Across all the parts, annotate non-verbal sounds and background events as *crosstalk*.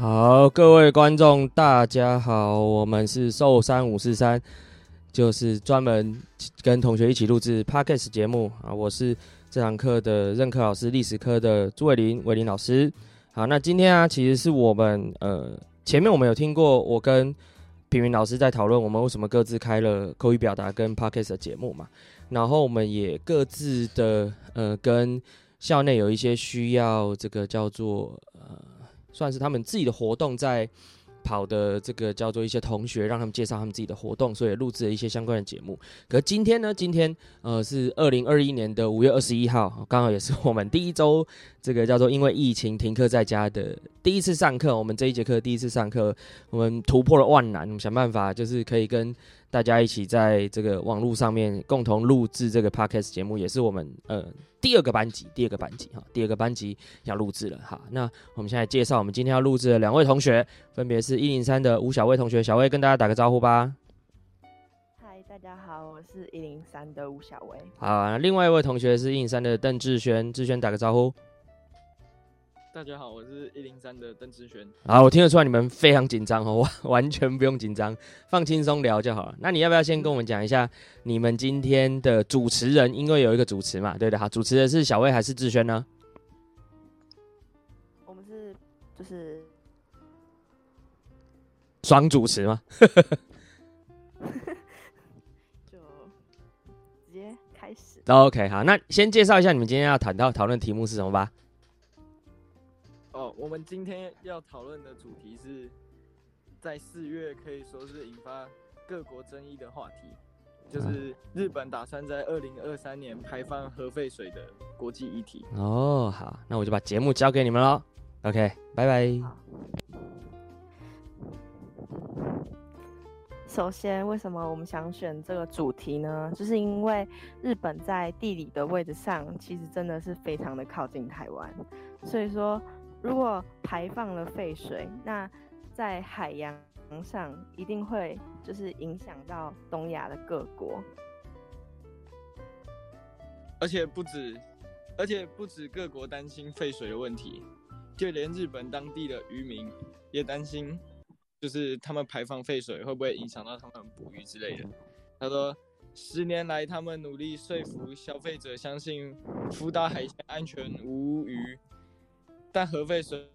好，各位觀眾，大家好，我們是壽三五四三，就是專門跟同學一起錄製 Podcast 節目啊。我是這堂課的任課老師，歷史科的朱偉林、偉林老師。好，那今天啊，其實是我們呃，前面我們有聽過我跟平雲老師在討論，我們為什麼各自開了口語表達跟 Podcast 的節目嘛？然後我們也各自的呃，跟校內有一些需要這個叫做呃。算是他們自己的活動在跑的，這個叫做一些同學讓他們介紹他們自己的活動，所以錄制了一些相關的節目。可是今天呢，今天呃是二零二一年的五月二十一號，剛好也是我們第一周。這個叫做因為疫情停課在家的第一次上課，我們這一節課的第一次上課，我們突破了萬難，我們想辦法就是可以跟大家一起在這個網絡上面共同錄制這個 podcast 節目，也是我們呃第二個班級，第二個班級哈、哦，第二個班級要錄制了哈。那我們現在介紹我們今天要錄制的兩位同學，分別是一零三的吳小薇同學，小薇跟大家打個招呼吧。嗨，大家好，我是一零三的吳小薇。好，另外一位同學是一零三的鄧志軒，志軒打個招呼。大家好，我是一零三的鄧志軒。啊，我聽得出來你們非常緊張哦，完全不用緊張，放輕鬆聊就好了。那你要不要先跟我們講一下你們今天的主持人？因為有一個主持嘛，對的。主持人是小魏還是志軒呢？我們是就是雙主持嗎？ *laughs* *laughs* 就直接、yeah, 開始。OK，好，那先介紹一下你們今天要談到討論題目是什麼吧。我們今天要討論的主題是，在四月可以說是引發各國爭議的話題，就是日本打算在二零二三年排放核廢水的國際議題。嗯。哦，好，那我就把節目交給你們囉。OK，拜拜。首先，為什麼我們想選這個主題呢？就是因為日本在地理的位置上，其實真的是非常的靠近台灣，所以說。如果排放了廢水，那在海洋上一定會就是影響到東亞的各國，而且不止，而且不止各國擔心廢水的問題，就連日本當地的漁民也擔心，就是他們排放廢水會不會影響到他們捕魚之類的。他說，十年來他們努力說服消費者相信福島海鮮安全無虞。但核廢水，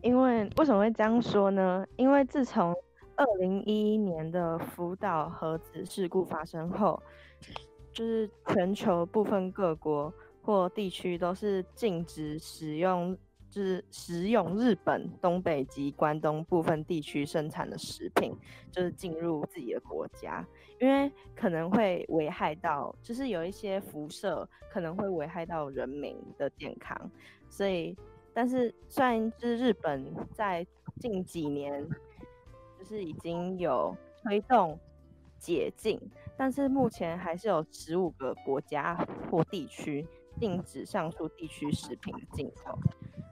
因為為什麼會這樣說呢？因為自從二零一一年的福島核子事故發生後，就是全球部分各國或地區都是禁止使用。就是食用日本東北及關東部分地區生產的食品，就是進入自己的國家，因為可能會危害到，就是有一些輻射，可能會危害到人民的健康。所以，但是雖然就是日本在近幾年，就是已經有推動解禁，但是目前還是有十五個國家或地區禁止上述地區食品的進口。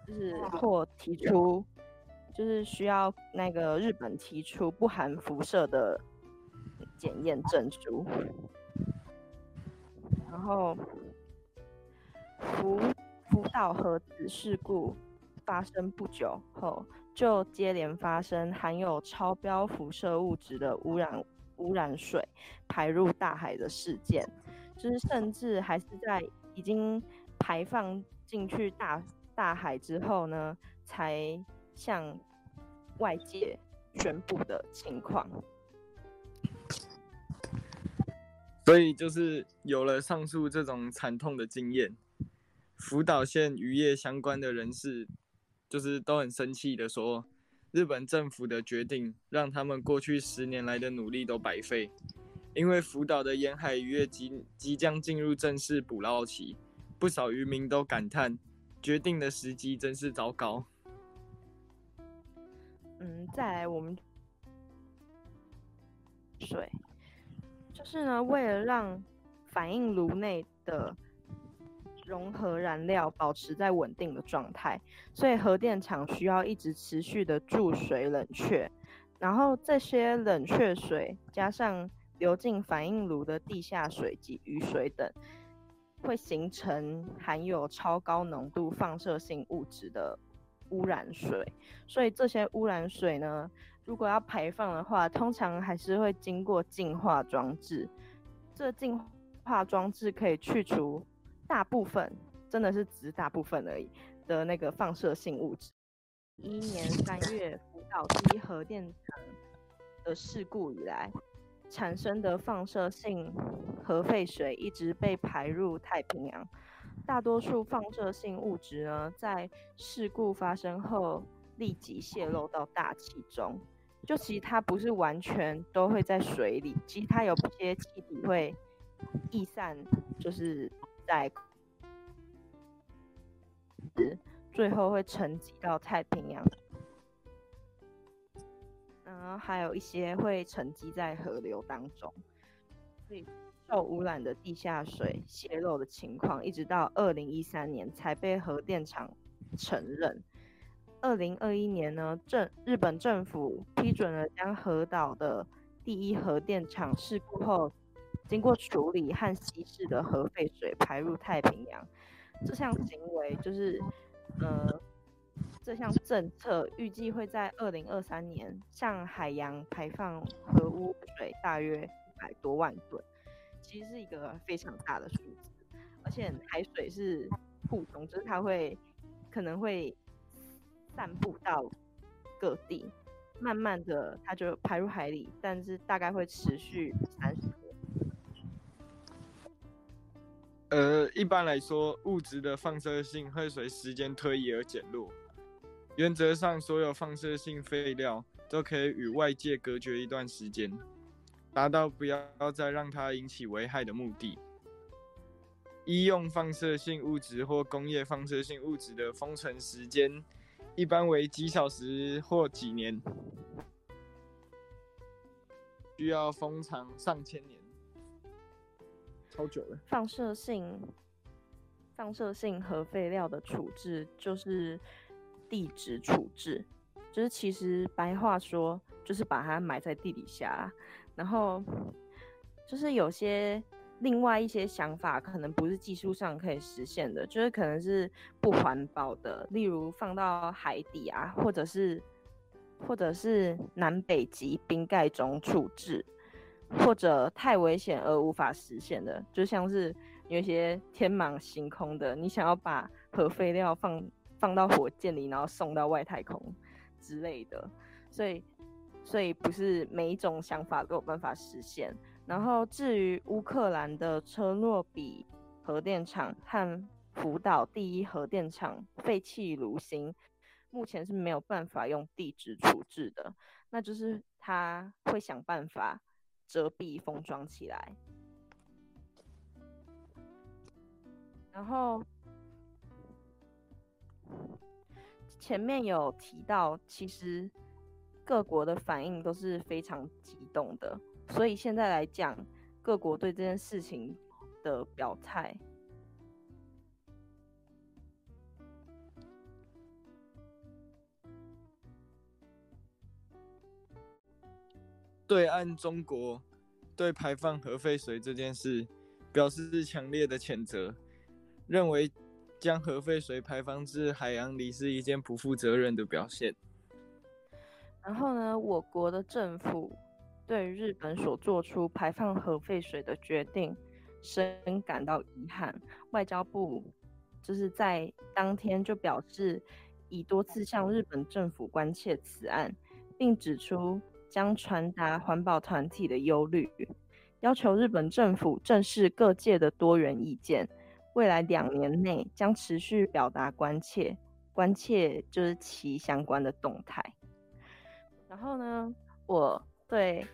就是或提出，就是需要那個日本提出不含輻射的檢驗證書。然後福福島核子事故發生不久後，就接連發生含有超標輻射物質的污染，污染水排入大海的事件，就是甚至還是在已經排放進去大。大海之後呢，才向外界宣布的情況。所以，就是有了上述這種慘痛的經驗，福島縣漁業相關的人士就是都很生氣地說：“日本政府的決定讓他們過去十年來的努力都白費，因為福島的沿海漁業即即將進入正式捕撈期，不少漁民都感嘆。”決定的時機真是糟糕。嗯，再來我們水，就是呢，為了讓反應爐內的融合燃料保持在穩定的狀態，所以核電廠需要一直持續的注水冷卻。然後這些冷卻水加上流進反應爐的地下水及雨水等。會形成含有超高濃度放射性物質的污染水，所以這些污染水呢，如果要排放的話，通常還是會經過淨化裝置。這淨化裝置可以去除大部分，真的是只大部分而已的，那個放射性物質。一 *music* 一年三月，福島第一核電廠的事故以來。產生的放射性核廢水一直被排入太平洋。大多數放射性物質呢，在事故發生後立即泄漏到大氣中。就其實它不是完全都會在水裡，其實它有些氣體會逸散，就是在，是最後會沉積到太平洋。還有一些會沉積在河流當中，所以受污染的地下水洩漏的情況，一直到二零一三年才被核電廠承認。二零二一年呢，政日本政府批准了將核島的第一核電廠事故後，經過處理和稀釋的核廢水排入太平洋。這項行為就是，呃。這項政策預計會在二零二三年向海洋排放核污水，大約一百多萬噸，其實是一個非常大的數字。而且海水是互通，就是它會可能會散布到各地，慢慢的它就排入海裡，但是大概會持續三十多。呃，一般來說，物質的放射性會隨時間推移而減弱。原則上，所有放射性廢料都可以與外界隔絕一段時間，達到不要再讓它引起危害的目的。醫用放射性物質或工業放射性物質的封存時間一般為幾小時或幾年，需要封藏上千年，超久了。放射性、放射性核廢料的處置就是。地質處置，就是其實白話說，就是把它埋在地底下啊。然後，就是有些另外一些想法，可能不是技術上可以實現的，就是可能是不環保的，例如放到海底啊，或者是，或者是南北極冰蓋中處置，或者太危險而無法實現的，就像是有些天馬行空的，你想要把核廢料放。放到火箭裡，然後送到外太空之類的，所以，所以不是每一種想法都有辦法實現。然後，至於烏克蘭的車諾比核電廠和福島第一核電廠廢棄爐芯，目前是沒有辦法用地質處置的，那就是他會想辦法遮蔽封裝起來，然後。前面有提到，其實各國的反應都是非常激動的，所以現在來講，各國對這件事情的表態，對岸中國對排放核廢水這件事表示強烈的譴責，認為。將核廢水排放至海洋裡是一件不負責任的表現。然後呢，我國的政府對日本所做出排放核廢水的決定深感到遺憾。外交部就是在當天就表示，已多次向日本政府關切此案，並指出將傳達環保團體的憂慮，要求日本政府正視各界的多元意見。未來兩年內將持續表達關切，關切就是其相關的動態。然後呢，我對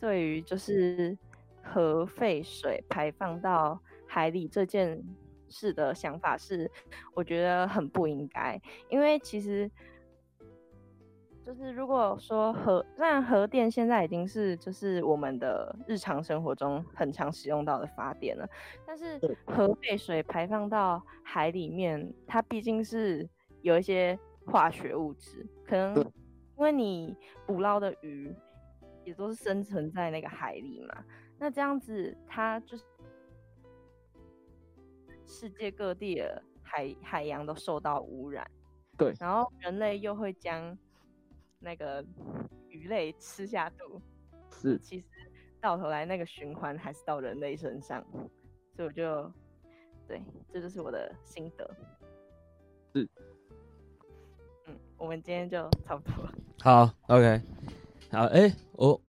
對於就是核廢水排放到海裡這件事的想法是，我覺得很不應該，因為其實。就是如果說核，雖然核電現在已經是就是我們的日常生活中很常使用到的發電了，但是核廢水排放到海裡面，它畢竟是有一些化學物質，可能因為你捕撈的魚也都是生存在那個海裡嘛，那這樣子它就是世界各地的海海洋都受到污染，對，然後人類又會將。那個魚類吃下肚，是其實到頭來那個循環還是到人類身上，所以我就對，這就是我的心得。是，嗯，我們今天就差不多了。好，OK，好，誒、欸，哦。